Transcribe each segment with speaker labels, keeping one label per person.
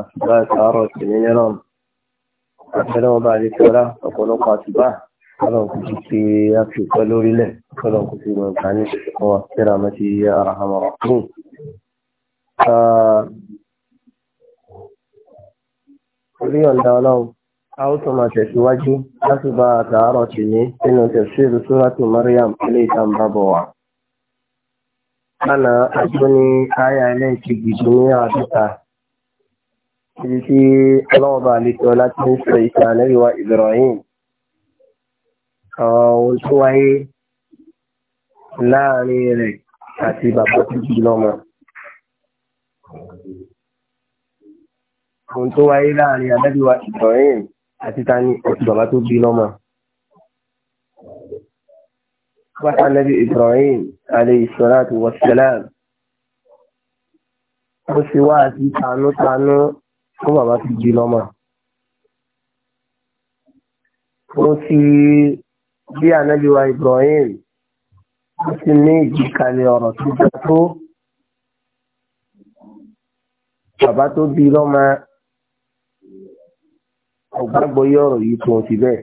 Speaker 1: àsùbá ìtàárọ̀ sí ní ẹran àtẹ́lẹ́ wọn bá rí tọ́lá ọ̀pọ̀lọpọ̀ àsùbá kọ́lọ̀n kò sí pé a fi pẹ́ lórílẹ̀ kọ́lọ̀n kò sí mọ̀ ìgbà ní ìṣẹ̀kọ́ wa síra mọ́ ti ara hàn wọ́n fún. orí ọ̀dà ọlọ́run a ó tún máa tẹ̀síwájú lásùbá ìtàárọ̀ sí ní nínú tẹ̀síìlú sóràtù Maryam ilé ìtàǹbà bọ̀ wá lánàá àjọ ní káyà ẹlẹ́ẹ̀kejì tó ní àádọ́ta ibi tí ọlọ́ọ̀bà àlejò ọlá ti ń sọ ìta lẹ́yìnwá Ibrahim ohun tó wáyé láàrin rẹ̀ àti bàbá tó bí lọ́mọ. ohun tó wáyé láàrin àlejò Ibrahim àti tani bàbá tó bí lọ́mọ. وحى النبي إبراهيم عليه الصلاة والسلام وسواتي تانو تانو وما ما في جيلوما وفي bí ànábì wa Ibrahim ó ti ní ìjìkalẹ̀ ọ̀rọ̀ tó ga tó bàbá tó bí lọ́mọ ọ̀gbàgbọ́ yọ̀rọ̀ yìí tó ti bẹ́ẹ̀.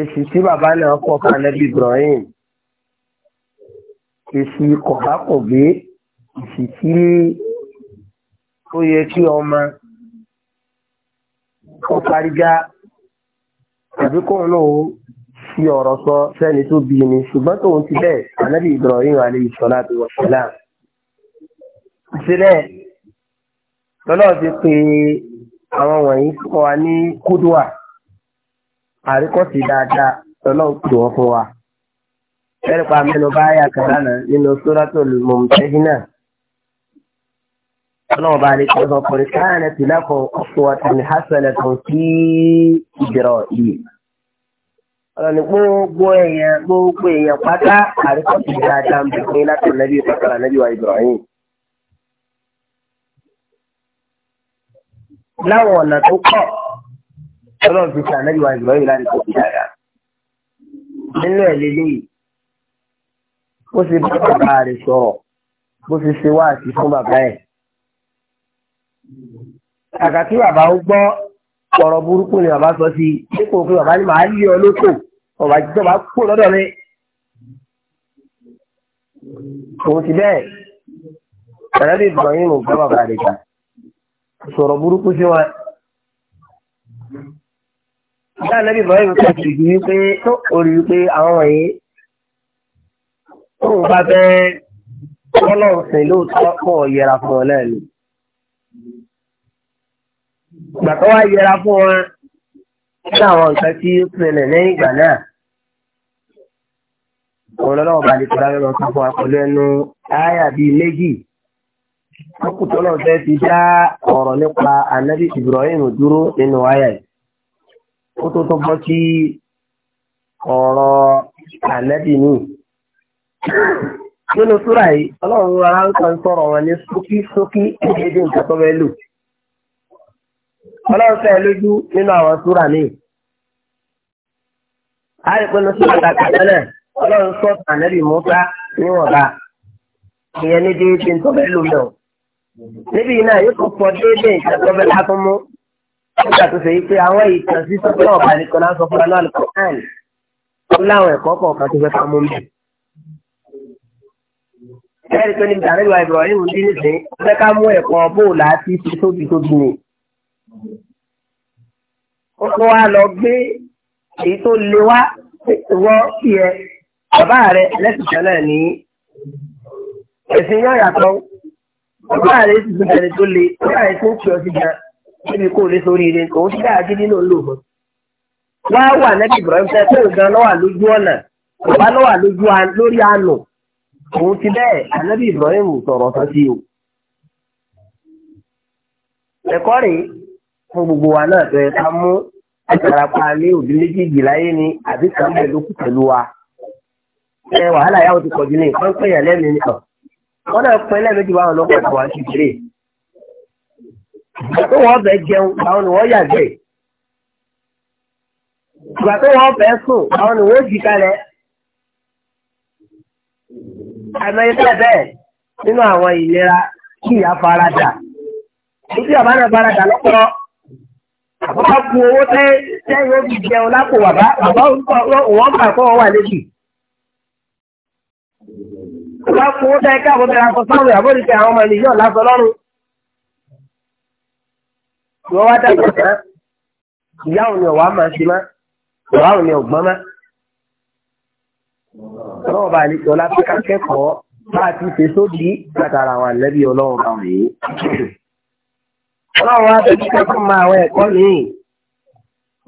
Speaker 1: èsì tí bàbá náà kọ̀ fún anabi Ibrahim èsì kọ̀bákùngbé èsì tí ó yẹ kí ọmọ kó parígá tàbí kóun náà fi ọ̀rọ̀ sọ sẹ́ni tó bí ni ṣùgbọ́n tóun ti bẹ́ẹ̀ anabi Ibrahim alayhi salatu wa salam sílẹ̀ lọ́lọ́ ti pe àwọn wọ̀nyí kọ́ wa ní kúdùwà àríkọ́sí dáadáa ọlọ́run pè fún wa. Bẹ́ẹ̀ pa mẹ́nu bá yà kàrà náà nínú Suratul Mumtahina. Ọlọ́run bá lè tọ́sọ pé káàní ti lákọ̀ uswatun hasanatun sí Ibrahim. Ọlọ́run gbogbo èèyàn gbogbo èèyàn pátá àríkọ́sí dáadáa ń bẹ̀ fún láti nàbí ìfọ̀kàrà nàbí wa Ibrahim. Láwọn ọ̀nà tó pọ̀ ọlọ́run fi ṣe ànábì wa ìgbọ̀nyí láti kọ́ ìdára nínú ẹ̀ lélẹ́yìí ó ṣe bá bàbá rẹ̀ sọ̀rọ̀ bó ṣe ṣe wáàsí fún bàbá ẹ̀ kàkà tí bàbá ó gbọ́ ọ̀rọ̀ burúkú ni bàbá sọ sí dípò pé bàbá ní màá lé ọ lóko ọ̀bà jíjọ́ bá kú lọ́dọ̀ mi òun ti bẹ́ẹ̀ ànábì ìgbọ̀nyí mò ń gbọ́ bàbá rẹ̀ kà sọ̀rọ̀ burúkú sí wọn ìdá nàbí Ibrahim kan ti di wípé tó orí wípé àwọn wọ̀nyí tóun bá fẹ́ ọlọ́run sìn lóòótọ́ pọ̀ yẹra fún wọn náà ni. ìgbà tó wá yẹra fún wọn ní àwọn nǹkan tí ó pinnu lẹ́yìn ìgbà náà. òun lọ́wọ́ bá lè kọ́ra lọ́wọ́ sọ fún wa pẹ̀lú ẹnu ááyà bíi méjì. wọ́n kù tó lọ́wọ́ fẹ́ fi dá ọ̀rọ̀ nípa ànábì Ibrahim dúró nínú ááyà yìí ó tó tó bọ́ sí ọ̀rọ̀ ànẹ́bì ní. nínú súrà yìí ọlọ́run rárá ń kan sọ̀rọ̀ wọn ní ṣókí ṣókí ẹgbẹ́dẹ́ nǹkan tó fẹ́ lò. ọlọ́run fẹ́ lójú nínú àwọn súrà míì. a lè pinnu súrà kàkà tẹ́lẹ̀ ọlọ́run sọ ànẹ́bì mọ́tà níwọ̀nba ìyẹn ní déédéé tó fẹ́ lò mẹ́wọ̀n. níbi náà yóò tó pọ̀ déédéé nǹkan tó fẹ́ mú nígbà tó ṣe pé àwọn ìtàn sísọ pé ọba nìkan láń sọ fún wa lọ́wọ́ kọ́kàn ó láwọn ẹ̀kọ́ kọ̀ọ̀kan tó fẹ́ ká mú mi. ẹ̀rí tó ní dàrẹ́lú Ibrahim ní nìsín fẹ́ ká mú ẹ̀kọ́ bóòlù àti tóbi tóbi ni. ó tún wá lọ gbé èyí tó le wá wọ́ sí ẹ bàbá rẹ lẹ́sìtẹ́ náà ní ẹ̀sìn yóò yàtọ̀ bàbá rẹ sì tún bẹ̀rẹ̀ tó le bàbá rẹ tún tì ọ níbi kó lé sórí ire òun ti dáa gidi náà lò mọ́. wá wà nẹ́bí Ibrahim tẹ́ pé nǹkan lọ́wà lójú ọ̀nà bàbá lọ́wà lójú lórí àánú òun ti bẹ́ẹ̀ ànẹ́bí Ibrahim sọ̀rọ̀ sọ sí o. ẹ̀kọ́ rèé fún gbogbo wa náà tẹ̀ ká mú àtàràpá ní òbí méjèèjì láyé ni àbí kan bẹ̀ ló pẹ̀lú wa. ẹ wàhálà yàwó ti pọ̀jù ní ìpínpínyà lẹ́mìí nìkan. wọ́n náà pín lẹ́mìí jù báwọn lọ́kọ̀ọ̀kan wá ìdílé ìgbà tó wọ́n jẹun àwọn ni wọ́n yàgbẹ́ ìgbà tó wọ́n fẹ́ sùn àwọn ni wọ́n jí kalẹ̀ àmọ́ bẹ́ẹ̀ nínú àwọn ìlera kí ìyá farada ìdí bàbá náà farada lọ́pọ̀ àbúrò bu owó tẹ sẹ́yìn ó fi jẹun lápò bàbá bàbá wọn bà kọ́ wà lẹ́bi. bàbá bu owó tẹ káàbọ̀ bẹ̀rẹ̀ akọ sáwọn ìyàbọ̀ àwọn ọmọ ènìyàn lásán lọ́rùn ìwọ wá dàgbà tán ìyá òun ni ọ̀wá máa ṣe má ọ̀wá òun ni ọ̀gbọ́n má. ọlọ́wọ́ bá àlejò ọlápẹ́ká kẹ́kọ̀ọ́ bá a ti ṣe sódì látara àwọn àlẹ́bí ọlọ́wọ́ bá wọ̀nyí. ọlọ́wọ́ á bẹ̀rẹ̀ kẹ́kọ̀ọ́ máa àwọn ẹ̀kọ́ míì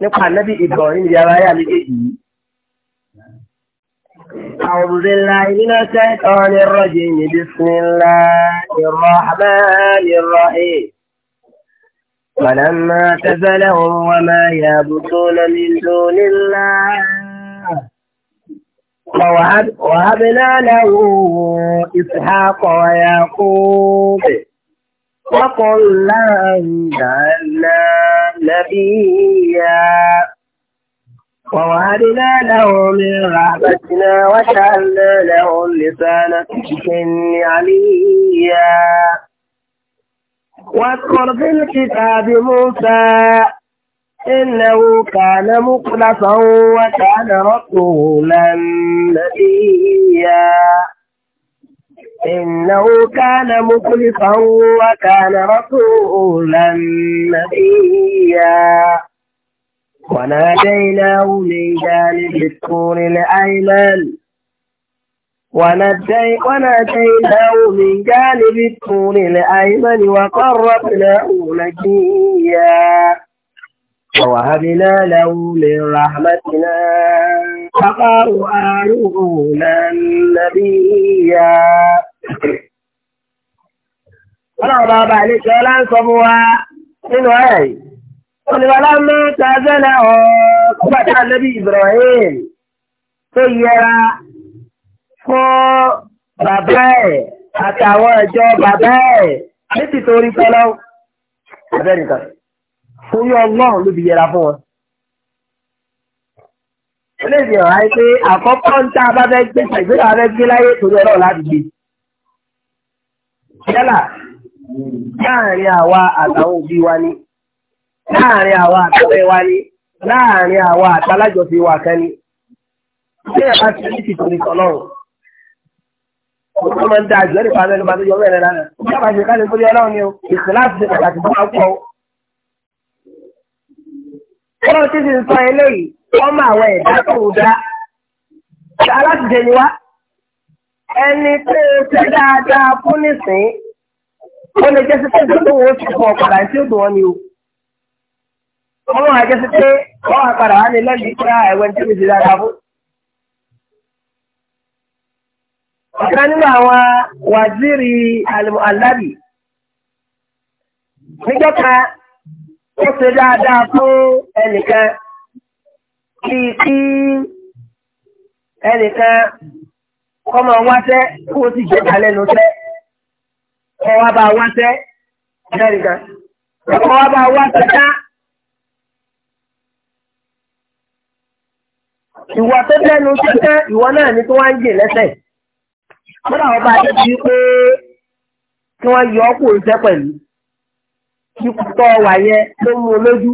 Speaker 1: nípa àlẹ́bí Ibrahim yàrá yà méjèèjì yìí. أعوذ بالله من الشيطان الرجيم بسم الله الرحمن الرحيم فلما اعتزلهم وما يعبدون من دون الله ووهبنا وهبنا له إسحاق ويعقوب وقلنا جعلنا نبيا ووهبنا له من رحمتنا وجعلنا له لسان صدق عليا واذكر في الكتاب موسى إنه كان مخلصا وكان رسولا نبيا إنه كان مخلصا وكان رسولا نبيا وناديناه من جانب الطور الأيمن ونجيناه من جانب الطور الأيمن وقربناه نجيا ووهبنا له من رحمتنا فقالوا آلونا نبيا
Speaker 2: ọlọ́run bá bá àlejò ọlá ń sọ
Speaker 1: fún wa nínú ẹ̀ olùwàlá mú tazẹ́lẹ̀ ọ̀ kúbàtà lẹ́bí Ibrahim tó yẹra fún bàbá ẹ̀ àtàwọn ẹ̀jọ́ bàbá ẹ̀ níbi tó rí tọ́lá abẹ́nìkan fúyọ́ ọlọ́run ló fi yẹra fún wọn. eléyìí hàn áyé pé àkọ́kọ́ ń tá a bá fẹ́ gbé ṣàgbéyàwó abẹ́ gbé láyé torí ọlọ́run láti gbé. yálà láàrin àwa àtàwọn òbí wa ni láàrin àwa àtàwẹ́ wa ni láàrin àwa àtàlájọsí wa kan ni. bí ẹ̀ bá ti ní ti torí tọ́lọ́run wọ́n máa ń da àjọ nípa abẹ́lú bá tó yọ bẹ́ẹ̀ lẹ́la náà. Bí a bá ṣe káàdì fúlẹ̀ ọlọ́run ni o, ìkìláàsì ṣe pàtàkì fún akọ. Ọlọ́run ti sì sọ eléyìí, wọ́n máa wọ ẹ̀dá tó wù dá. aláṣìṣe ni wá? Ẹni tó ṣe dáadáa fún nísìn, ó lè jẹ́ sí pé tó wọ́n ti fọ ọ̀padà tí ó dùn wọn ni o. Wọ́n máa pé wọ́n á padà wá ní lẹ́yìn ọ̀kan nínú àwọn wàzírí alábì níjọ́ ó ṣe dáadáa fún ẹnìkan kí kí ẹnìkan kọ́mọ wáṣẹ́ kó o sì jẹ́ta lẹ́nu wa bá wáṣẹ́ ẹnìkan kọ́ wa bá ká. Ìwà tó ìwọ náà ni ń kódà wọn bá dé bíi pé kí wọ́n yọ ọkùnrin iṣẹ́ pẹ̀lú ipò tó wà yẹn ló mú lójú.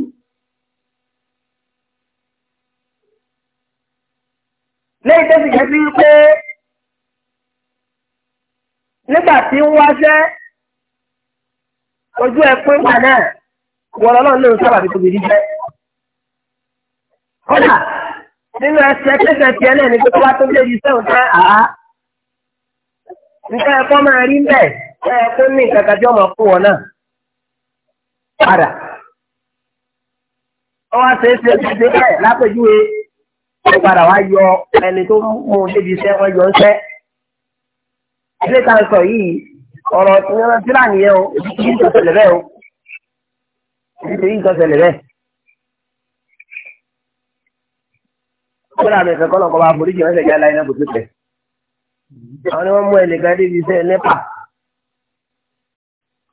Speaker 1: lẹ́yìn tó sì jẹ́ sí pé nígbà tí ń wáṣẹ́ ojú ẹ̀ pín gbà náà wọ́n lọ́nà lóun sábà fi tóbi jíjẹ́. kódà nínú ẹsẹ̀ pẹ́sẹ̀ tiẹ̀ náà ni pé kó wá tó lé iṣẹ́ òun tẹ́ àá nǹkan ẹ̀kọ́ máa rí bẹ́ẹ̀ ẹ̀ kó ní nǹkan kan tí ọmọ fún wọn náà padà. ọwọ́ àṣeéṣe ṣe bẹ́ẹ̀ lápèjúwe ó padà wá yọ ẹni tó mú un débi iṣẹ́ wọn yọ ilé ta sọ yìí ọ̀rọ̀ ìran sílà nìyẹn o ìdíje ìjọ ṣẹlẹ̀ bẹ́ẹ̀ o ìdíje ìjọ ṣẹlẹ̀ bẹ́ẹ̀. kódà mi kẹ́kọ̀ọ́ lọ́kọ́ bá foríjì wọn ṣẹ̀jẹ̀ aláìní kò tó tẹ̀ àwọn ni wọ́n mú ẹnìkan débi iṣẹ́ nẹ́pà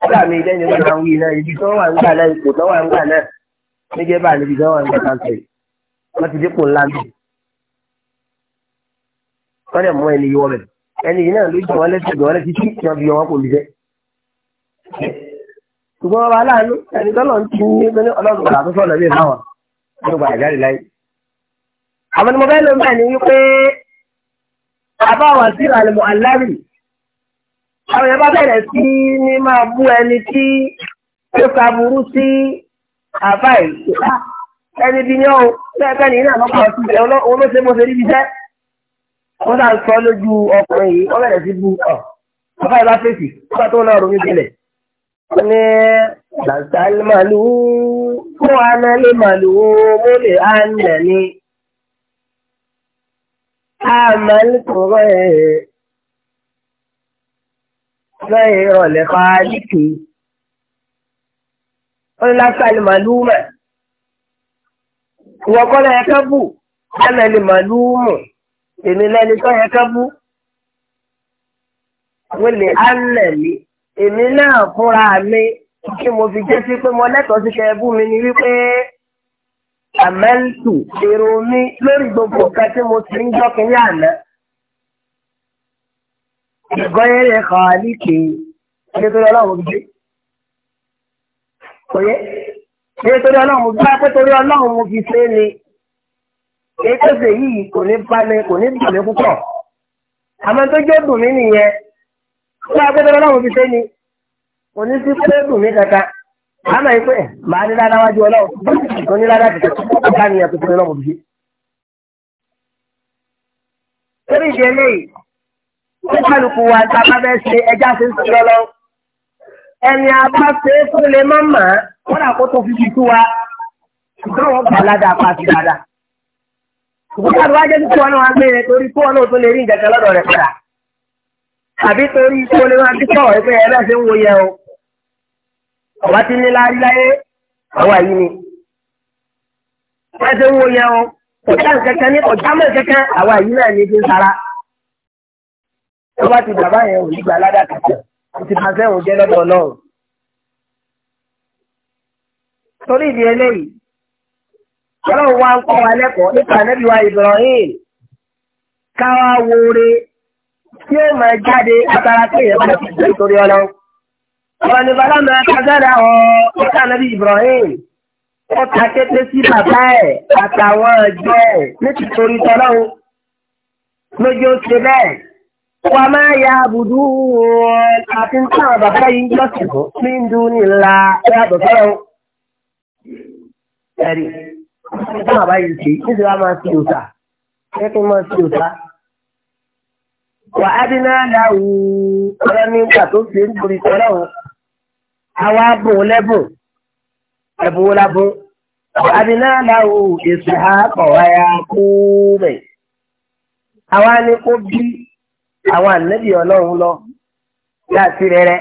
Speaker 1: nígbà mi lẹ́yìn ìgbà náà wí náà ibi tí wọ́n wà ń gbà náà ipò tí wọ́n wà ń gbà náà níjẹ́ bá níbi tí wọ́n wà ń gbà káńtẹ̀ wọ́n ti dípò ńlá mi wọ́n dẹ̀ mú ẹni yọ bẹ̀ ẹni yìí náà ló jẹ́ wọn lẹ́sẹ̀ gbọ́n lẹ́sẹ̀ tí wọ́n fi yọ wọn kò lè jẹ́ ṣùgbọ́n ọba aláàánú ẹni tọ́lọ̀ ń tún ní pẹ́lú ọlọ́run padà tó sọ̀rọ̀ lé fáwọn ló gbà jáde láyé àwọn ni mo fẹ́ lọ bẹ́ẹ̀ ni wípé bàbá wa sí àlùmọ̀ aláàrì àwọn yẹn bá bẹ̀rẹ̀ sí ní máa bú ẹni tí ó ka burú sí àbá yìí ẹni bí ní ọ̀hún lẹ́ẹ̀kan ní ìlànà kan sí ẹ̀ olóṣè mo ṣe níbi iṣẹ́ wọ́n sá ń sọ lójú ọkùnrin yìí wọ́n bẹ̀rẹ̀ sí bú ọ̀ bàbá yìí bá fèsì nígbà tó náà ronú jinlẹ̀ wọ́n ní làǹtà màlúù fún àná lè màlúù mo lè á nà ní. عملت غير غير لخالقي ولك الملومة وقال يا كبو أنا الملوم èmi lẹ́ni tó yẹ ká bú wílé ánẹ̀lì èmi náà fúnra mi kí mo fi jẹ́ sí pé mo lẹ́tọ̀ọ́ sí kẹ́ bú mi ni wípé àmẹ́ǹtù èrò mi lórí gbogbo ọ̀kan tí mo ti ń jọ́ kínní àná. Ìgbọ́yẹ̀rẹ̀ kan àlíkè nítorí ọlọ́run gbé. Òye nítorí ọlọ́run gbé pé torí ọlọ́run mo fi ṣe é ni. Ètòsè yìí kò ní bá mi kò ní dùn púpọ̀. Àmọ́ tó jẹ́ dùn mí nìyẹn. Wọ́n á pé torí ọlọ́run fi ṣe ni. Kò ní sí pé dùn mí kankan àmọ́ yìí pé màá ní ládàá wájú ọlọ́run tó ní ládàá tètè tó kọ́ ní ẹ̀kọ́ tó lọ́mọ bìí. torí ìdí eléyìí ó kálukú wa tá a bá bẹ́ẹ̀ ṣe ẹja ṣe ń sọ lọ. ẹni abá ṣe é fún lè má mà á kódà kó tó fi tutù wa ṣùgbọ́n wọn gbà ládàá pa sí dáadáa. ṣùgbọ́n káàdùn wájú tí wọn náà wá gbé yẹn e torí kó wọn náà tó lè rí ìjẹ̀kẹ́ lọ́dọ̀ rẹ̀ padà. àbí torí kó lè máa bí ọba ti ní láyé àwọn àyí ni. wọ́n ti ń wo yẹn o ọjà kankan ní ọjà mọ̀ kankan àwọn àyí náà ní ti ń sara. ọba ti bàbá yẹn ò ní gba aládàá kankan ó ti máa fẹ́ràn jẹ́ lọ́dọ̀ náà. torí ìdí eléyìí ọlọ́run wa ń kọ́ wa lẹ́kọ̀ọ́ nípa ànábì wa Ibrahim káwá wo re tí ó máa jáde agbára kéèyàn bá ti jẹ́ nítorí ọlọ́run ọ̀rọ̀ ni bàbá mi kájára ọ̀ ọ̀ká Ibrahim ó ta kété sí bàbá ẹ̀ àtàwọn ẹ̀jọ́ ẹ̀ nítorí tọ́lọ́hún lójú ó ṣe bẹ́ẹ̀ wà máa ya àbùdú àti táwọn bàbá yìí lọ́sìn fún ní ń dún ńlá ẹ̀ àbọ̀tọ́lọ́hún. ẹ̀rí táwọn bàbá yìí ṣe níṣẹ́ wàá máa fi òòtà ẹ̀ kí n máa fi òòtà wà á dín náà dáhùn ọ̀rọ̀ nígbà tó ṣe ń borí tọ́lọ́hún. Awa bùn lẹ́bùn ẹ̀bùn wo la bùn abináàláwò èsì àákọ̀ ayá kú bẹ̀. àwa ni kó bí àwọn ànábì ọlọ́run lọ láti rẹ̀rẹ̀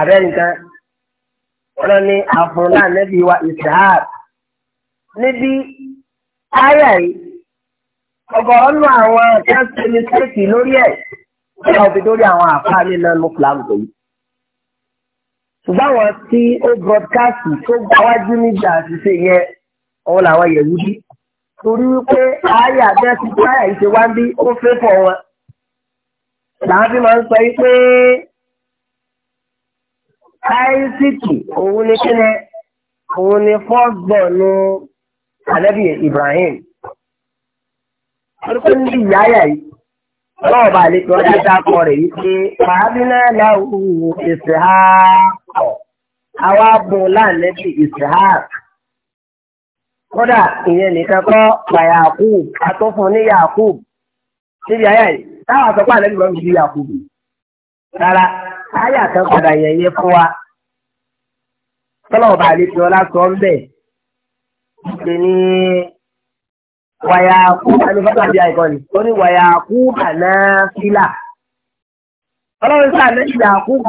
Speaker 1: abẹ́nìkan ọlọ́run ní àfúnlá ànábì wa ìsàák níbi áyà yìí ọgọ́rùn àwọn kẹ́sìmísẹ́kì lórí ẹ̀ ọ̀gá òfin lórí àwọn àfáà nínú ẹnu fúlàmù tó yìí ṣùgbọ́n àwọn tí ó broadcast tó gbáwájú níbi àṣìṣe yẹn ọ̀hún làwọn yẹ̀wúdí torí wípé ayé àbẹ́sí tí ayé yìí ṣe wá ń bí ó fẹ́ fọ̀ wọn làwọn fi máa ń sọ wípé káyísìkì òun ni kíni òun ni fọ́gbọ̀nù àlẹ́bí Ibrahim. Wọ́n ní kó ní ìyá ayà yìí. Ọlọ́run bá lè tọ́ dáadáa kọ rẹ̀ wípé Fàábínà láwù ìsìháàkọ̀. Àwa bùn láàlẹ́bí ìsìháàk. Kódà ìyẹn nìkan kọ́ pa Yakub, a tó fún ní Yakub. Níbi ayé yìí, táwọn àtọ́pá àlẹ́bí lọ́n fi Yakub. Rárá, ayé àtàn padà yẹ̀yẹ fún wa. Tọ́lọ́run bá lè tọ́ lásán bẹ́ẹ̀. Ìpè ní. wàyàkúta ní fásitì náà fílà ọlọ́run sáà fún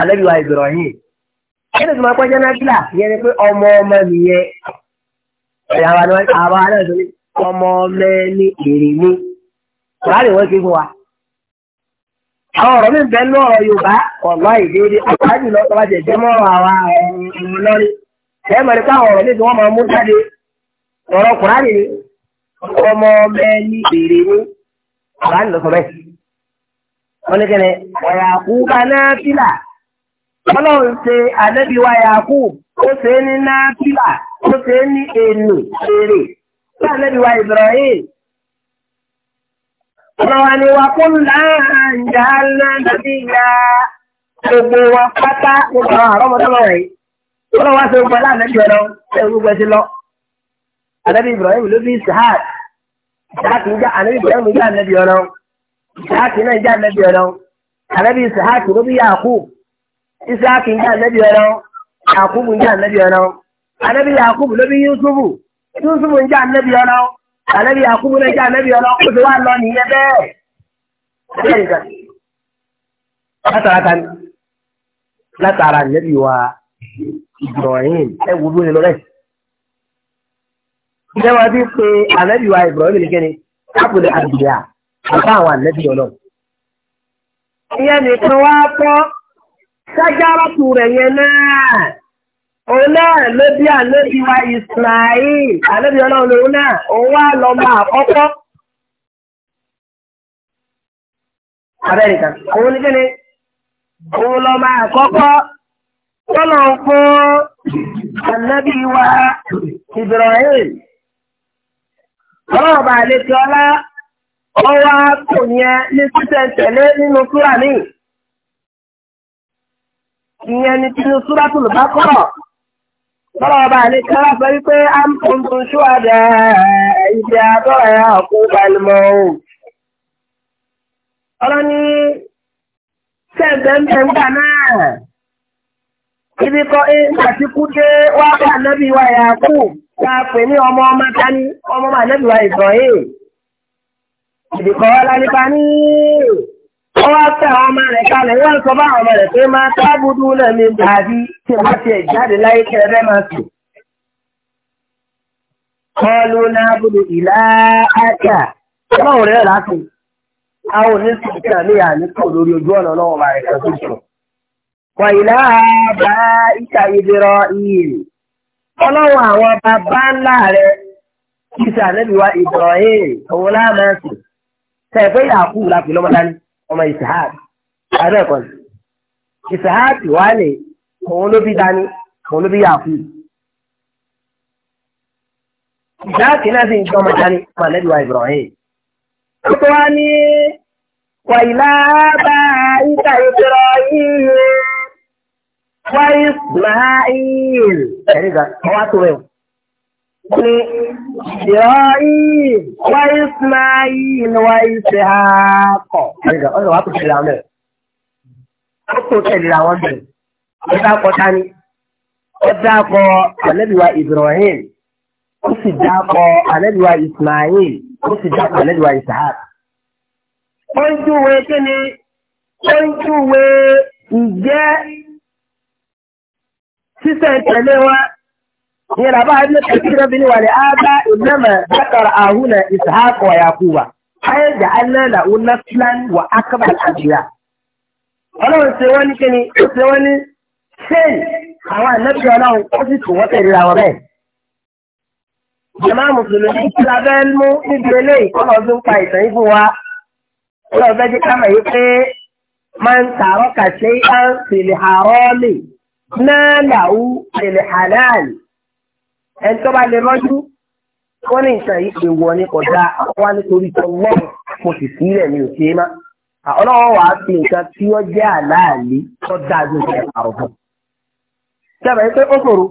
Speaker 1: àlẹ́bíwá Ibrahim kí ni tí wọ́n pẹ́jọ́ náà ni ọmọ ọmọ nìyẹn ẹ̀yà ni ní ọmọ ọmọ ní èrè ní lè wọ́n fún wa. àwọn ọ̀rọ̀ mi ń bẹ ní ọ̀rọ̀ Yorùbá ọ̀gbá mọ́ àwọn lọ́rí ọ̀rọ̀ kùránì ni ọmọ mẹ́ni èrè ni kùránì lọ sọ bẹ́ẹ̀. wọ́n ní kẹ́ni ọ̀yàkú kaná fílà ọlọ́run ṣe àdẹ́bí wa yàkú ó ṣe é ní náfílà ó ṣe é ní èlò èrè fún àdẹ́bí wa Ibrahim. ọlọ́wà ni wà kún láàjà lánàbí ya gbogbo wa pátá gbogbo àwọn àrọ́mọdé lọ́wọ́ yìí ọlọ́wà ṣe gbogbo aláàbẹ̀bí ọ̀dọ́ ẹ̀ gbogbo lọ anabi ibrahim ló bí isahak isahak ń já anabi ibrahim ń já anabi ọlọ́run isahak náà ń já anabi ọlọ́run anabi isahak ló bí yakub isahak ń já anabi ọlọ́run yakub ń já anabi ọlọ́run anabi yakub ló bí yusufu yusufu ń já anabi ọlọ́run anabi yakub náà ń anabi ọlọ́run kó ti wá lọ nìyẹn bẹ́ẹ̀ bẹ́ẹ̀ nìkan látara kan látara anabi wa ibrahim ẹ wo ló ń Ǹjẹ́ wọ́n ti pe ànábì wa Ibrahim ní kíni? Káàpùlẹ̀ àdìyà àbá àwọn ànábì ọlọ́. Ìyẹn nìkan wá kọ́ ṣájárọ́tù rẹ̀ yẹn náà. Òun náà ló bí ànábì wa Ismail. Ànábì ọlọ́run lòun náà. Òun wá lọ́mọ àkọ́kọ́. Amẹ́ríkà. Òun ní kíni? Òun lọ́mọ àkọ́kọ́. Tọ́lọ̀ fún ànábì wa Ibrahim. ọlọ́ọ̀bà àlejò ọlá ọwá kò yẹn ní títẹ̀ntẹ̀lé nínú ìyẹn ni tinú súrà bá kọ́rọ̀ ọlọ́ọ̀bà àlejò ọlá sọ wípé a ń tuntun ṣúwádà ìdí àtọ́rọ̀ ẹ̀ ọ̀kú balùmọ̀ o. ọlọ́ni sẹ́ǹtẹ̀ǹtẹ̀ ń gbà náà ibi kọ́ ẹ̀ ń gbà ká pè ní ọmọ ọmọ dání ọmọ máa nẹ́bí wa Ibrahim ìdìkọ̀ ọlá nípa ní ó wá pẹ́ àwọn ọmọ rẹ̀ kalẹ̀ yóò sọ bá àwọn ọmọ rẹ̀ pé máa tábùdú náà mi dàbí tí wọ́n ti jáde láyé kẹrẹ́ máa sùn. Kọlu náà bùdù ìlà àjà ọlọ́run rẹ̀ láti àwọn lórí ojú ọ̀nà ọlọ́run máa rẹ̀ ọlọ́run àwọn bàbá ńlá rẹ̀ kíṣà níbi wa Ibrahim òun láàmásì sẹ́ẹ̀fẹ́ yàkú làpè lọ́mọdání ọmọ ìsìhàd àbẹ́ẹ̀kọ́ ni ìsìhàd wà ní òun ló bí dání òun ló bí yàkú. ìsìhàd náà sì ń jọ ọmọdání ọmọ níbi Ibrahim. ó tó wá ní wàyí lábàá ìta Ibrahim wá Ismail ẹ̀rí ga ọwá tó rẹ̀ ní Ibrahim wá Ismail wá Isihakọ̀ ẹ̀rí ga ọ̀sẹ̀ wá tó tẹ̀lé àwọn bẹ̀rẹ̀ ó tó tẹ̀lé àwọn bẹ̀rẹ̀ ó dákọ̀ tani ó dákọ̀ ànábìwá Ibrahim ó sì dákọ̀ ànábìwá Ismail ó sì dákọ̀ ànábìwá Isihakọ̀ ó ń júwe kí ni ó ń júwe ìjẹ́ sísẹ̀ntẹ̀lé wa ní làbá ibn kathir náà fi ní wàlẹ̀ ábá innama zakara ahuna ishaq wa yaquba ayé jà alẹ́là ọ̀nà filan wà akaba àbíyá. ọlọ́run ṣe wọ́n ní kíni ó ṣe wọ́n ní ṣéyìn àwọn ànábì ọlọ́run ó sì tún wọ́n tẹ̀lé ra wọn bẹ́ẹ̀. jàmá mùsùlùmí tí a mú níbi eléyìí kọ́ lọ sí ń pa ìtàn yìí fún wa ó fẹ́ jẹ́ ká náà làwù lèlè halal ẹni tó bá lè rọ́jú wọ́n ní nǹkan yìí pé wọ́n ní kọjá wá nítorí tó lọ́wọ́ mo sì sílẹ̀ mi ò ṣe é má ọlọ́wọ́ wàá fi nǹkan tí ó jẹ́ àláàlí tó dáa ju ìṣẹ̀lẹ̀ àrùbọ̀. sábà yìí pé ó ṣòro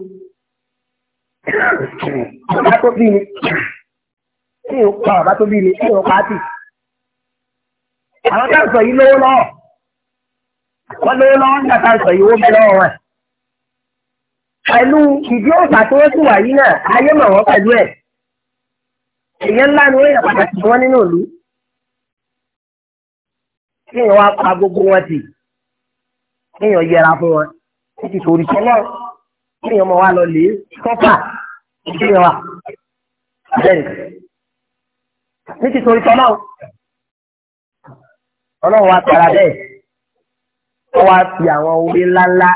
Speaker 1: bàbá tó bí mi kí n pa bàbá tó bí mi kí n pa á tì. àwọn táǹsọ̀ yìí lówó lọ́wọ́ wọ́n lówó lọ́wọ́ nígbà táǹsọ̀ yìí wó mi lọ́wọ́ wọn pẹ̀lú ìdí òòfà tí wọ́n sì wà yìí náà ayé mọ̀ wọ́n pẹ̀lú ẹ̀. èèyàn ńlá ni wọ́n yàn pàtàkì wọn nínú ìlú. kéèyàn wá pa gbogbo wọn tì kéèyàn yẹra fún wọn títí torí tọ́lọ́ kéèyàn mọ̀ wá lọ lè sọ́fà kéèyàn wà. títí torí tọ́lọ́ ọlọ́run wa tara bẹ́ẹ̀ wọ́n wá fi àwọn orí ńláńlá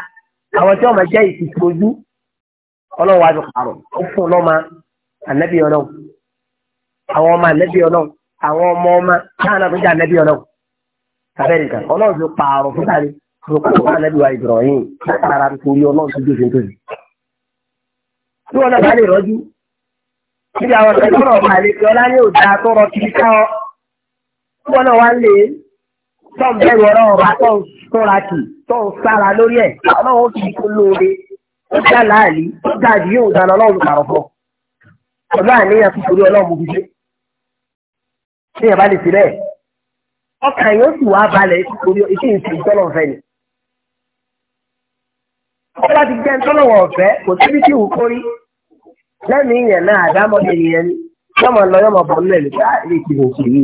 Speaker 1: àwọn tí wọ́n máa jẹ́ ìfìfojú ọlọ́run wájú pààrọ̀ ó fún ọlọ́mọ ànẹ́bí ọlọ́run àwọn ọmọ ànẹ́bí ọlọ́run àwọn ọmọ ọmọ táwọn náà tó jẹ́ ànẹ́bí ọlọ́run abẹ́rẹ́ nǹkan ọlọ́run ti pààrọ̀ fún sáré fún ọkọ̀ ànẹ́bí wa Ibrahim látara nítorí ọlọ́run tó dófin tó yìí. tí wọn náà bá lè rọjú níbi àwọn ìṣẹ́jú náà bá lè fi ọlá ní òjà tó rọ kiri ká ọ tó ń bẹ̀rù ọ̀rọ̀ ọba tó ń sọ́ra kì tó ń sára lórí ẹ̀ ọlọ́run ó fi kó lóore ó dá láàlì ó dá àdì yóò dáná ọlọ́run pàrọ̀ fọ́ pẹ̀lú àníyàn tó torí ọlọ́run mo fi ṣe ṣé yẹn bá lè ṣe bẹ́ẹ̀ ọkàn yóò sì wá balẹ̀ torí iṣẹ́ ìṣẹ́ ìtọ́lọ̀ fẹ́ ni. ọba ti jẹ́ ìtọ́lọ̀ wọ̀ ọ̀fẹ́ kò síbi tí òun kórí lẹ́mìí yẹn náà àdámọ́ yẹn ni yọmọ lọ yọmọ bọ̀ nílẹ̀ lè ká ilé ìtìmọ̀ òṣèlú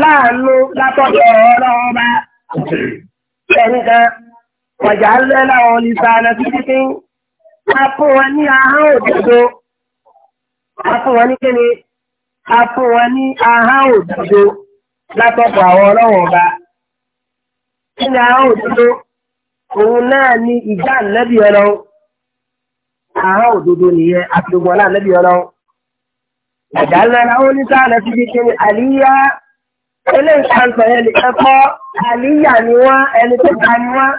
Speaker 1: láàánú látọ̀dọ̀ ọ̀rọ̀ ọba. Ẹni kan, ọ̀jà ń lẹ́ láwọn olùsànà títí tí a fún wọn ní ahọ́n òdodo. A fún wọn ní kíni? A fún wọn ní ahọ́n òdodo látọ̀dọ̀ àwọn ọlọ́wọ̀n ọba. Kí ni ahọ́n òdodo? Òun náà ni ìjà nẹ́bí ọlọ́run. Ahọ́n òdodo nìyẹn àti gbogbo nẹ́bí ọlọ́run. Ọ̀jà ń lẹ́ láwọn olùsànà títí tí àlíyá. ele kan sọ yẹn ni wọ́n ẹni tó ga ni wọ́n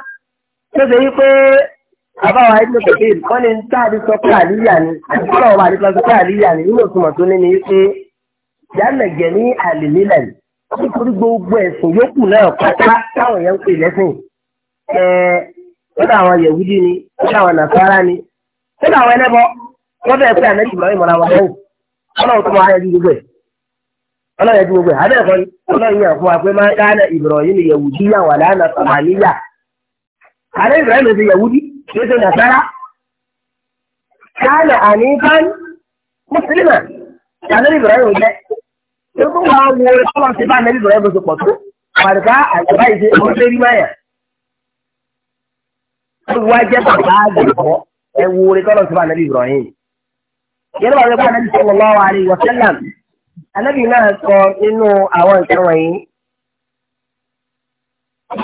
Speaker 1: tó ṣe yí pé àbáwá ẹgbẹ́ wọ́n lè ń táàdì sọ pé àlíyà ni àtúntò wà nípa sọ pé àlíyà ni nínú òtún mọ̀tún ní ni pé yálẹ̀gẹ̀ ní àlè nítorí gbogbo náà pátá táwọn ń pè lẹ́sìn àwọn yẹ̀wúdí ni àwọn nàfàrà ni àwọn ẹlẹ́bọ wọ́n ọlọ́run yàn fún wa pé máa ń dáná Ibrahim yahudi yà wà lánà sàmàníyà àlẹ́ Ibrahim ti yahudi kí ṣe nàṣàrà kánà àníkán mùsùlùmá àlẹ́ Ibrahim jẹ́ ewu wa wo ọlọ́run ti bá àlẹ́ Ibrahim ti pọ̀ tó àdùká àjọba ìṣe ọ̀ṣẹ́ rí máyà ewu wa jẹ́ bàbá àgbẹ̀kọ́ ẹ̀wù orin tọ́lọ̀ ti bá àlẹ́ Ibrahim yẹ́n ló wà Ànábì náà sọ nínú àwọn nǹkan wọ̀nyí.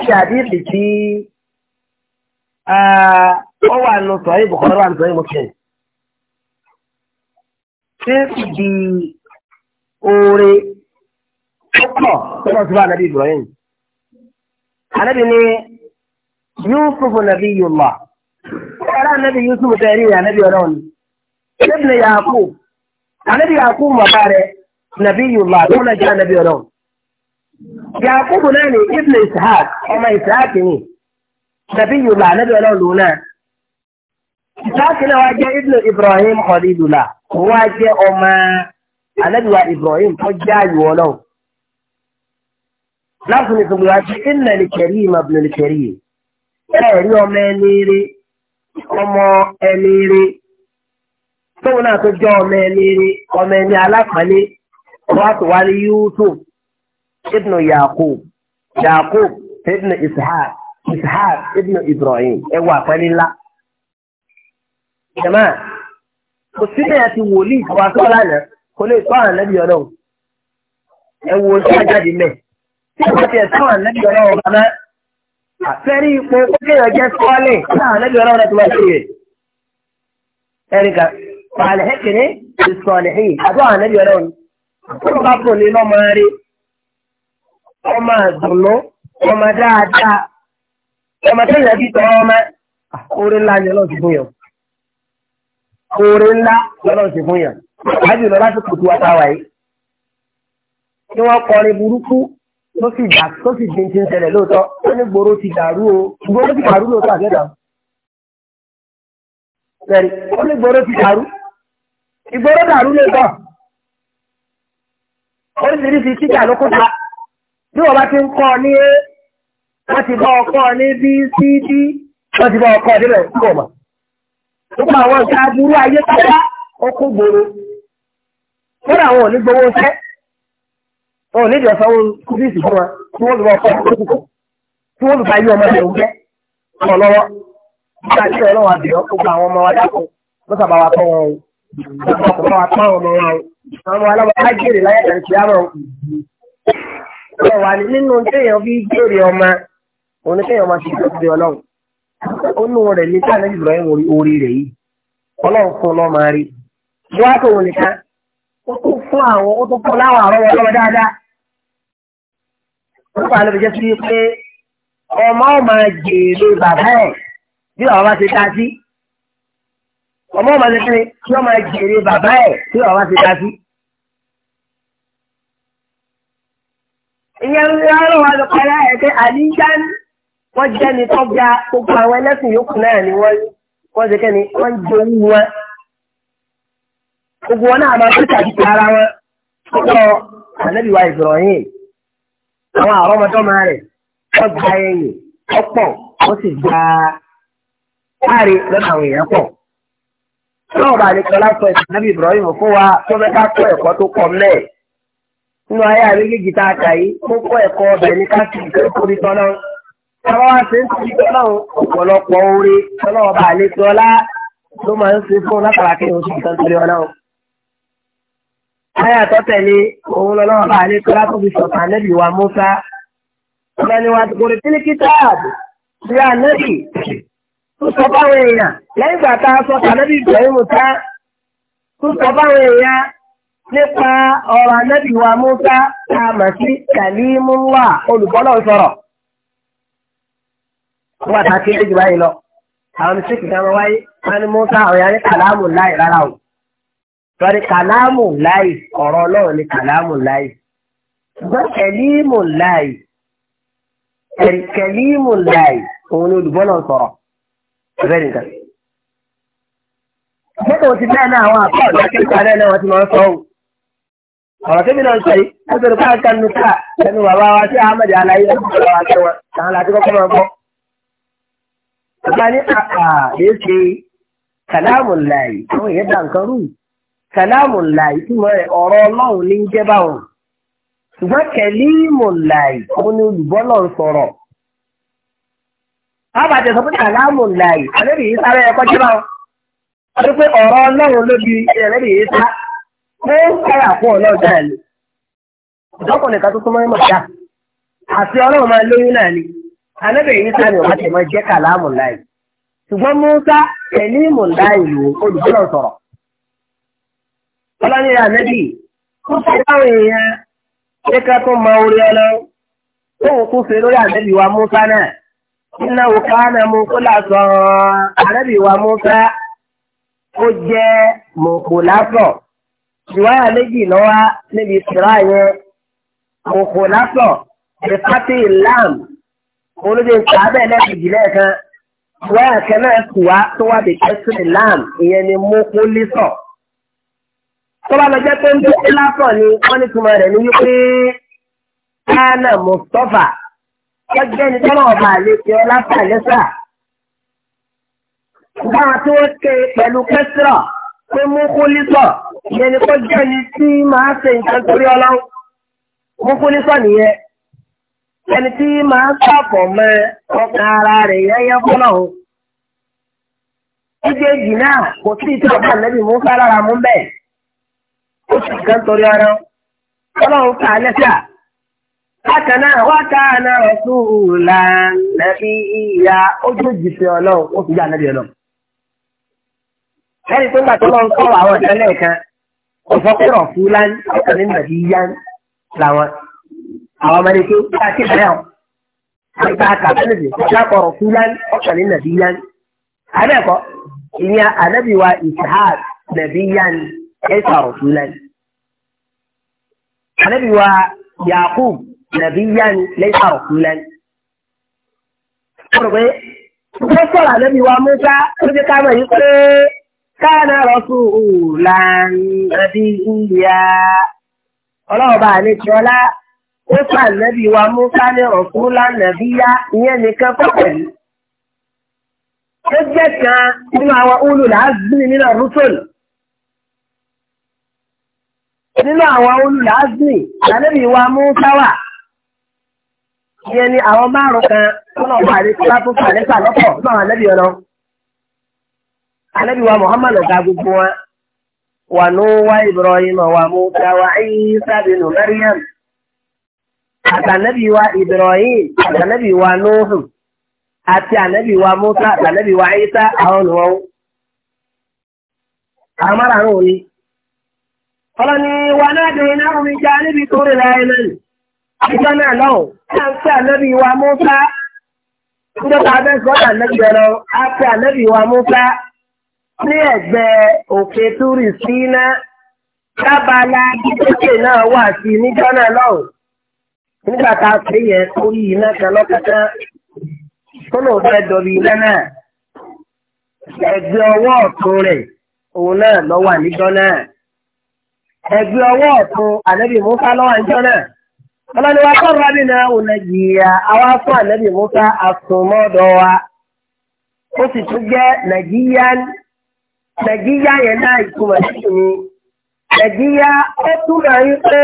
Speaker 1: Ṣé àdíìsì tí ah, ó wà nù sọ yìí Bukhari wà nù sọ yìí Muslim? Ṣé sì di oore tó pọ̀ tó lọ sí bá Ànábì Ibrahim? Ànábì ní Yusuf Nabiyullah. Ṣé Ànábì Yusuf tẹ̀rí Ànábì Ọlọ́run? Ṣé Ànábì Yaqub? Ànábì Yaqub bàbá rẹ̀ nabiyullah lóun náà jẹ́ ànábì ọlọ́run. yakubu náà ni ibnu ishaq ọmọ ishaq ni nabiyullah ànábì ọlọ́run lòun náà. ishaq náà wá jẹ́ ibnu ibrahim khalilullah òun wá jẹ́ ọmọ ànábì wa ibrahim tó jẹ́ àyù ọlọ́run. láti ní sọgbọn àti inna li karim ibnu li karim ẹ̀rí ọmọ ẹni ọmọ ẹni tóun náà tó jẹ́ ọmọ ẹni ọmọ ẹni alápàlẹ́ ọba tó wá ní yusuf ibnu yakub yakub ibnu ishaq ishaq ibnu ibrahim ẹ wà pẹ́lú ńlá. jama kò síbẹ̀ àti wòlíì ọba tó lánàá kò lè tọ́ àrùn lẹ́bi ọlọ́run ẹ wo ṣé àjáde mẹ́ tí wọ́n ti ẹ̀ tọ́ àrùn lẹ́bi ọlọ́run bàbá àfẹ́rí ipò kéèyàn jẹ́ sọ́ọ́lì láàrin lẹ́bi ọlọ́run ẹ̀ tó bá ṣe yẹn. ẹ̀ríkà fàlẹ́ kékeré ìsọ̀lẹ̀ àbọ̀ àrùn lẹ́bi ọlọ́run àkókò bá kò ní lọ́mọ rí ọmọ àdùnnú ọmọ dáadáa ọmọ tó yẹ kí tọ́ ọmọ orí ńlá ni ọlọ́run ti fún yàn orí ńlá lọ́lọ́run ti fún yàn wájú lọ láti kùtù wa táwa yìí kí wọ́n kọrin burúkú tó sì dà tó sì di ti ń ṣẹlẹ̀ lóòótọ́ ó ní gbòòrò ti dàrú o gbòòrò ti dàrú lóòótọ́ àgbẹ̀dà ó ní gbòòrò ti dàrú ìgbòòrò dàrú lóòótọ́ oríṣiríṣi títà ló kó ta bí wọ́n bá ti ń kọ́ ní a wọ́n ti bá ọkọ́ ní b c d wọ́n ti bá ọkọ́ níbẹ̀ kúrò mọ̀ nípa àwọn nǹkan aburú ayé kọjá ó kó gbòòrò kódà àwọn òní gbowó iṣẹ́ wọn ò ní ìdíwọ̀n sanwó kúbíìsì fún wa tí wọ́n lù bá ọkọ́ ìdókòkò tí wọ́n lù bá yí ọmọ rẹ̀ wújẹ́ ọmọ lọ́wọ́ nígbà tí ọlọ́wọ́ àbíọ́ gbogbo àwọn ọmọ wa dákun lọ́sàbà wa tọ́ wọn o lọ́sàbà wa tọ́ ọmọ wa o àwọn aláwọ̀ á jèrè láyé àti àmọ̀ ọ̀rọ̀ wà nínú téèyàn fi jèrè ọmọ òun ni téèyàn máa ṣe ìtọ́jú ọlọ́run ó nù rẹ̀ ní sáà lẹ́yìn ìbúrọ̀ ìwòrí orí rẹ̀ yìí ọlọ́run fún un lọ́mọ rí wá tó wọn nìkan ó tún fún àwọn ó tún fún láwọn àrọ́ wọn lọ́wọ́ dáadáa ó fà á lóbi jẹ́ sí pé ọmọ ò jèrè bàbá ẹ̀ bí bàbá ti dá sí ọmọ ọmọ ní pé kí ọmọ jèrè bàbá ẹ̀ tí bàbá ti dá sí. ìyẹn ní ọrùn wa lọ pẹ̀lú ẹ̀ pé àlíjá wọ́n jẹ́ ni tó ga gbogbo àwọn ẹlẹ́sìn yòókù náà ni wọ́n wọ́n ṣe kẹ́ni wọ́n ń jẹ owó wọn. gbogbo wọn náà máa ń tẹ̀sí àti ara wọn. ọjọ́ ànábìwá Ibrahim àwọn àrọ́mọdọ́mọ rẹ̀ wọ́n gba ẹyìn ọ̀pọ̀ wọ́n sì gba láàrin lọ́dọ̀ àwọn èèyàn pọ̀ náà bá lè kọ́lá sọ ìsìn náà Ibrahim fún wa tó fẹ́ ká kọ́ ẹ̀kọ́ tó kọ́ mẹ́ẹ̀. nínú ayé àrígègì tá a kà yìí kó kọ́ ẹ̀kọ́ ọbẹ̀ ní káàkiri nǹkan torí tọ́lá. táwa wá sí ń torí tọ́lá ọ̀pọ̀lọpọ̀ oore tọ́lá ọba àlè tọ́lá ló máa ń ṣe fún látara kí n oṣù kan torí ọlá o. ayé àtọ́tẹ̀lé òun lọ́lọ́ ọba àlè tọ́lá tó fi sọ̀tàn tó sọ báwọn èèyàn lẹ́yìn ìgbà tá a sọ tàbí Ibrahim ta tó sọ báwọn èèyàn nípa ọ̀rọ̀ anábì wa Musa tá a sí Kalimullah olùkọ́ náà sọ̀rọ̀. wọ́n àtàkì méjì báyìí lọ àwọn mísíkì kan wáyé wọ́n ní Musa àwọn yàrá ní kàlámù láì rárá o sọrí kàlámù láì ọ̀rọ̀ náà ní kàlámù láì ṣùgbọ́n ọ̀fẹ́ nìkan. Mọ́tò ti bẹ́ẹ̀ náà àwọn àpá ọ̀dọ́ akẹ́kọ̀ọ́ alẹ́ náà wọ́n ti máa ń sọ ọ́. Ọ̀rọ̀ tẹ́mi náà ń sọ yìí, ó sọ̀rọ̀ káà kan nu káà ẹnu bàbá wa sí Ahmed Alayi ọ̀rọ̀ àti wọn, àwọn láti kọ́kọ́ máa gbọ́. Bàbá ní àpà lè ṣe kàlámù láì, àwọn èèyàn dà nǹkan rú. Kàlámù láì túmọ̀ rẹ̀ ọ̀rọ̀ Ọlọ́run ní ń jẹ́ báwọn. Ṣùgbọ́n kẹ̀límù Bàbá àti ìsọ̀kúta àlámù láàyè, àlébì yìí sáré ẹ̀kọ́ jẹ́ báwọn. Wọ́n ti pé ọ̀rọ̀ ọlọ́run ló ẹ̀rẹ́bì yìí sá. Ó ń sára fún ọlọ́run náà ni. Ìjọ́kùn nìkan tó súnmọ́ mọ̀ dá. Àti ọlọ́run máa lóyún náà ni. Àlébì yìí sá ni ọ̀gá tẹ̀mọ́ jẹ́ kàlámù láàyè. Ṣùgbọ́n Musa tẹ̀lé ìmù láàyè wò olùdílọ̀ sọ̀rọ̀ iná òkàánà mú kó lásán àrẹ́bìwá mú fẹ́ ó jẹ́ mọ̀kò lásán ìwáyà méjì lọ́wọ́ níbi ìṣúra yẹn mọ̀kò lásán ìfàtí ìlàm olóde ìsàbẹ̀ lẹ́ẹ̀kejì lẹ́ẹ̀kan ìwáyà kẹ́nà ẹ̀kúwá tó wà bí kẹ́sì ìlàm ìyẹn ni mọ̀kò lẹ́sàn. tó bá lọ jẹ́ pé ń bí lásán ni wọ́n ní túmọ̀ rẹ̀ ní wípé kánà mustapha. ẹgbẹ́ ni tọ́lọ̀ ọba àlejò ọlápá lẹ́sà. Báwọn tí wọ́n ké pẹ̀lú kẹ́sìrọ̀ pé mú kólísọ̀ ni kó jẹ́ ni tí máa ṣe nǹkan torí ọlọ́run. Mú nìyẹn. Ẹni tí ọkàn ara rẹ̀ yẹ́yẹ́ náà kò sí ìtura bá mú bẹ́ẹ̀. Ó sì torí ọlọ́run. Ọlọ́run kà á lẹ́sà. Bákan náà wá káàná ọ̀túnlá lẹ́bí ìyá ojú ìjìṣẹ́ ọlọ́run ó fi gbà náà bí ọlọ́run. Lẹ́yìn tó ń gbà tó lọ ń sọ̀rọ̀ àwọn ọ̀dọ́ lẹ́ẹ̀kan, ọ̀fọ́kùnrọ̀ fúlá ọ̀kan nínú ẹ̀bí yá làwọn. Àwọn ọmọdé tó bá kí ìbẹ̀rẹ̀ ọ̀. Àgbà kàbẹ́lẹ̀dì ọ̀kan nínú ẹ̀bí yá. Àbẹ́ẹ̀kọ́, ìyẹn ànábì yá ẹ̀ṣà nàbíyá ni lẹ́yìn àròkúnlá ni. Ọ̀rọ̀ pé wọ́n sọ̀rọ̀ àlẹ́bí wa Musa ó ti ká mọ̀ yí pé káàná rọ́sù òòlà nàbí ìyá. Ọlọ́run bá àlẹ́ tí ó sọ àlẹ́bí wa Musa ní ọ̀kúnlá nàbíyá ìyẹn nìkan kọ́ pẹ̀lú. Ó jẹ́ kan nínú àwọn olùlàázìmí nínú rúṣòlù nínú àwọn olùlàázìmí àlẹ́bí wa Musa wà. ìyẹn ni àwọn márùn kan tọ́nà ọba àdékọ́lá tó fà lọ́pọ̀ náà ànábì ọ̀nà ànábì wa Muhammad ọ̀gá gbogbo wa wà ní wa Ibrahim wa Musa wa Isa binu Maryam àtànábì wa Ibrahim àtànábì wa Nuhu àti ànábì wa Musa àtànábì wa Isa àwọn olùwọ́n àwọn márùn-ún ni. Fọlọ́ ni wà náà dèrè náà omi jẹ́ níbi tó láyé náà. Ìjọ náà lọ́wọ́, náà ń pẹ́ ànábì wa Mùsá. Ìjọba abẹ́sọ̀rọ̀ ànábì ọ̀rọ̀ á pẹ́ ànábì wa Mùsá. Ní ẹ̀gbẹ́ òkè Túrì Síná, dábàlá dídókè náà wà sí náà lọ́wọ́. Nígbà tá ọlọ́ni wa kọ́ rọ́bì náà wò lè jìyà àwa fún ànábì Musa àsùnmọ́dọ̀ wa ó sì tún jẹ́ nàìjíríà nàìjíríà yẹn náà ìtumọ̀ sí ni nàìjíríà ó túmọ̀ yín pé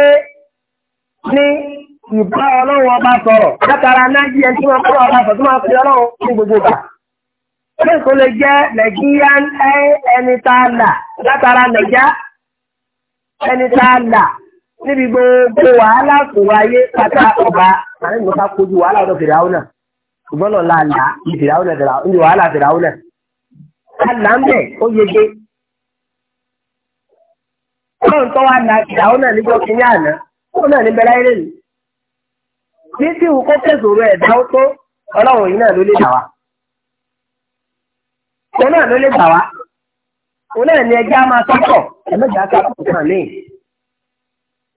Speaker 1: ní ìbá ọlọ́run ọba sọ̀rọ̀ látara nàìjíríà tí wọ́n kọ́ ọba sọ̀rọ̀ tí wọ́n fi ọlọ́run ní gbogbo gbà ó sì lè jẹ́ nàìjíríà ẹni tá a là látara nàìjá ẹni tá a là níbi gbogbo wàhálà kò wáyé pátá ọba àní ìlú ká kojú wàhálà ọ̀dọ̀ fìdáwùnà ṣùgbọ́n lọ́la là ní fìdáwùnà ní wàhálà fìdáwùnà àlà ń bẹ̀ ó yege ọlọ́run tó wá la fìdáwùnà níjọ́ kínní àná ó náà ní bẹ́lá eré ni ní tí ìwúkọ́ fẹ̀sọ̀rọ̀ ẹ̀dá ó tó ọlọ́run yìí náà ló lè dà wá òun náà ló lè dà wá òun náà ni ẹjẹ́ á máa sọ́kọ̀ ẹ̀mẹ́jà sọ́kọ̀ kan lẹ́yìn.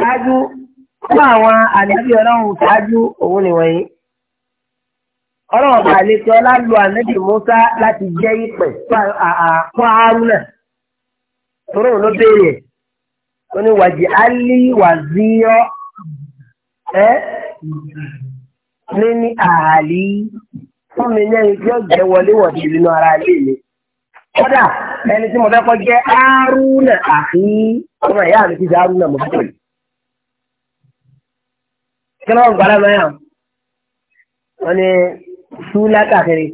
Speaker 1: ṣáájú fún àwọn ànábì ọlọ́run ṣáájú òun nìwọ̀nyí. ọlọ́run àlejò ọlá lu ànábì Musa láti jẹ́ ìpè fún Haruna torí òun ló béèrè ó ní wàjì alí wàzíọ́ ẹ́ ní ní àhàlí fún mi ní ẹni tí ó jẹ́ wọléwọ̀dì nínú ara ilé mi. kódà ẹni tí mo fẹ́ kọ́ jẹ́ Haruna àfi ọmọ ìyá mi ti ṣe Haruna mo fẹ́ pẹ̀lú kí wọ́n gbà lẹ́nu yàn wọ́n ní súlákà kiri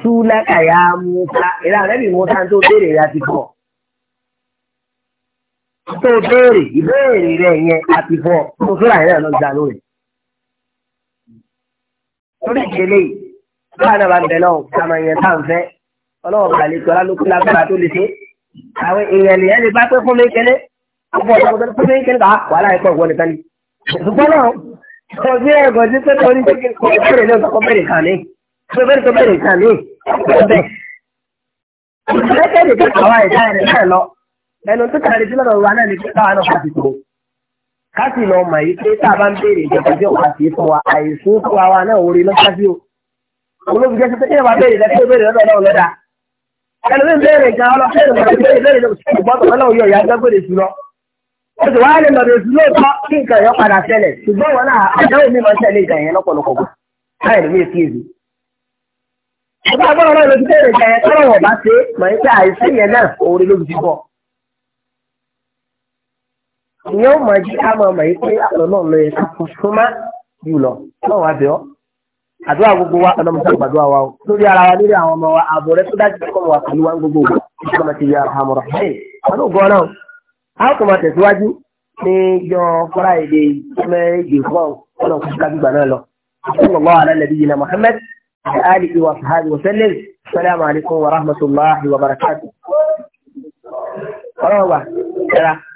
Speaker 1: súlákà ya Musa ìlà rẹ́bì Musa tó béèrè ya ti bọ̀ tó béèrè ìbéèrè rẹ̀ yẹn a ti bọ̀ tó fúra yẹn lọ gbà lórí. lórí ìdílé yìí báwa náà bá ń bẹ náà sàmàyàn tá à ń fẹ́ ọlọ́wọ́ balẹ̀ tó ọlá lágbára tó lè ṣe àwọn èèyàn yẹn lè bá pẹ́ fún mi kẹ́lẹ́ ọ̀pọ̀ ẹnu tó kàrí sí lọ́dọ̀ wa náà ni kíkà wa náà fà tìtò. káàsì lọ mọ̀ yìí pé tá bá ń béèrè ìjọba tí wàá sí fún wa àìsùn fún wa náà orí lọ́sàbí olóògùn jẹ́ sípé kíyàn wá béèrè lẹ́sẹ̀ tó lọ́dọ̀ lọ́dà. ẹnu mi béèrè gan ọlọ́pàá ìròyìn ó sì wáyé lọ́dọ̀ sí lóòótọ́ kí nǹkan yẹn padà ṣẹlẹ̀ ṣùgbọ́n wọn náà àdáwò mi máa ń yẹn lọ́pọ̀lọpọ̀ bọ̀ láì ní èsì èsì. ẹgbẹ́ agbọ́dọ̀ náà ló tẹ̀lé nǹkan yẹn tọ́rọ̀ wọ̀ bá ṣe mọ̀ ní pé àìsí yẹn náà orí ló ti bọ̀. ìyẹn ó mọ̀ jí káàmọ̀ mọ̀ yìí pé àlọ́ náà lọ yẹ ká fún súnmá jù lọ lọ́wọ́ abẹ́ ọ́. àdúrà gbogbo wa ọ̀nà a ó tún máa tẹ̀síwájú ní yọ fúráìdè méje fún ọ̀nà kúkú kábígbà náà lọ. صلى الله على نبينا محمد وآله وصحبه وسلم السلام عليكم ورحمة الله وبركاته.